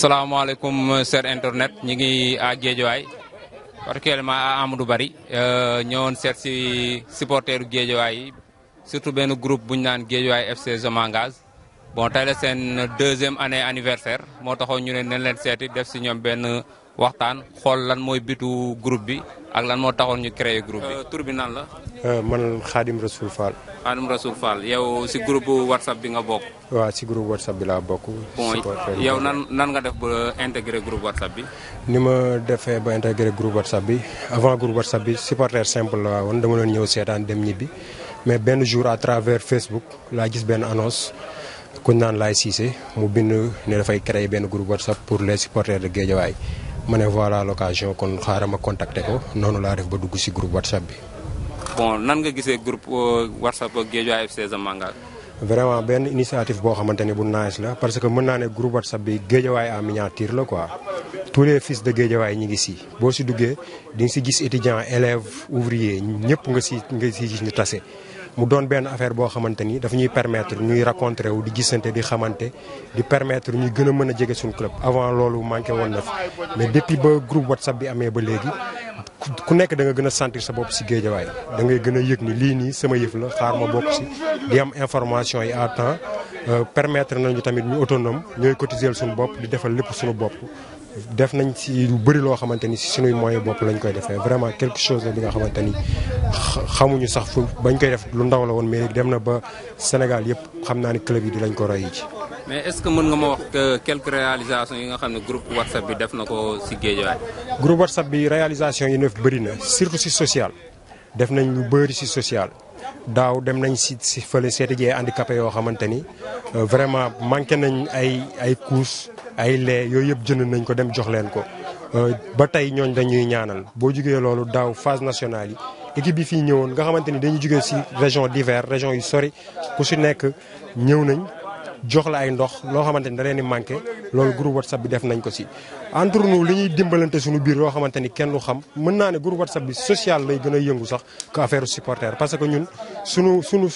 salaamaaleykum cher internet ñi ngi à Guédiawaye particulièrement à Amadou Barry euh, ñëwoon seet si supporteru Guédiawaye yi surtout benn groupe bu ñu naan Guédiawaye FC je m'engage bon tey la seen deuxième année anniversaire moo taxoon ñu ne nañ leen seeti def si ñoom benn waxtaan xool lan mooy bitu groupe bi ak lan moo taxoon ñu créé groupe bi. Euh, tur bi nan la. Euh, man Khadim Rasoul Fall. Khadim Rasoul Fall yow si groupe WhatsApp bi nga bokk. si groupe WhatsApp bi laa bokk. bon yow nan nan nga def ba intégré groupe WhatsApp bi. ni ma defee ba intégré groupe WhatsApp bi avant groupe WhatsApp bi supporter simple la woon dama ñëw seetaan dem ñibbi mais benn jour à travers Facebook laa gis benn annonce. kuñ naan laay siise mu bind ne dafay créer benn groupe whatsapp pour les supporters de Guédiawaye ma ne voilà l'occasion kon xaaral ma contacter ko noonu laa def ba dugg si groupe WhatsApp bi. bon nan nga gisee groupe euh, WhatsApp ak Guédiawaye FC Zamanga. vraiment benn initiative boo xamante ni bu nice la parce que mën naa ne groupe WhatsApp bi Guédiawaye en miniature la quoi tous les fils de Guédiawaye ñi ngi si boo si duggee di nga si gis étudiants élèves ouvriers ñëpp nga si nga si gis ñu tase. mu doon benn affaire boo xamante ni dafa ñuy permettre ñuy rencontré wu di gisante di xamante di permettre ñuy gën a mën a jege suñu club avant loolu manqué woon na fi mais depuis ba groupe whatsapp bi amee ba léegi ku nekk da nga gën a sentir sa bopp si géejawaay da ngay gën a yëg ni lii nii sama yëf la xaar ma bokk si di am information yi à temps euh, permettre nañu tamit ñu autonome ñooy cotiser suñu bopp di defal lépp suñu bopp def nañ si lu bëri loo xamante ni si suñuy moyen bopp lañ koy defee vraiment quelque chose la bi nga xamante ni xamuñu sax fu bañ koy def lu ndaw la woon mais dem na ba Sénégal yëpp xam naa ni club yi di lañ ko roy ci. mais est-ce que mën nga ma wax quelques réalisations yi nga xam ne groupe WhatsApp bi def na ko si Guédiawaye. groupe WhatsApp bi réalisation yi def na surtout si sociale def nañ lu bëri si sociale daaw dem nañ si si fële seeti jee handicapé yoo xamante ni euh, vraiment manqué nañ ay ay couches ay lee yooyu yëpp jënd nañ ko dem jox leen ko euh, ba tey ñooñ dañuy ñaanal boo jugee loolu daaw phase nationale yi équipe bi fii ñëwoon nga xamante ni dañuy jugee si région divers région yu sori ku si nekk ñëw nañ jox la ay ndox loo xamante ni da leen di manqué loolu groupe whatsapp bi def nañ ko si entre nous li ñuy dimbalante suñu biir loo xamante ni kenn lu xam mën naa ne groupe whatsapp bi social lay gën a yëngu sax que affaire supporter parce que ñun suñu suñu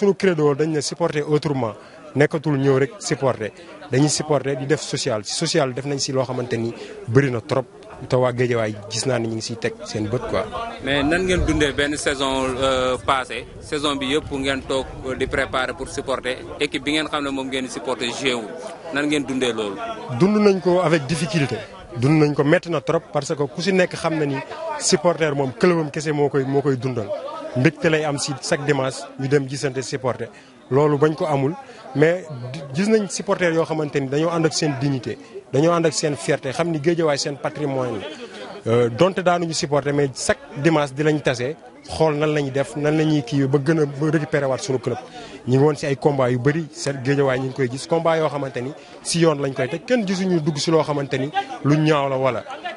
nekkatul ñëw rek supporter dañuy supporter di def social si social def nañ si loo xamante ni bëri na trop te waa Géejawaay gis naa ni ñu ngi siy teg seen bët quoi. mais nan ngeen dundee benn saison euh, passée saison bi yëpp ngeen toog euh, di préparer pour supporter équipe bi ngeen xam ne moom ngeen di supporter joué nan ngeen dundee loolu. dund nañ ko avec difficulté. dund nañ ko métti na trop parce que ku si nekk xam na ni supporter moom clubam kese moo koy moo koy dundal mbégte lay am si chaque dimanche ñu dem gisante supporter. loolu bañ ko amul mais gis nañ supporters yoo xamante ni dañoo ànd ak seen dignité dañoo ànd ak seen fierté xam ni géejawaay seen patrimoine la euh, donte daanuñu supporter mais chaque dimanche di lañ tase xool nan lañuy def nan la ñuy kii ba gën a ba récupéré waat suñu club. ñi woon si ay combat yu bëri seen géejawaay ñi ngi koy gis combat yoo xamante ni si yoon lañ koy teg kenn gisuñu dugg si loo xamante ni lu ñaaw la wala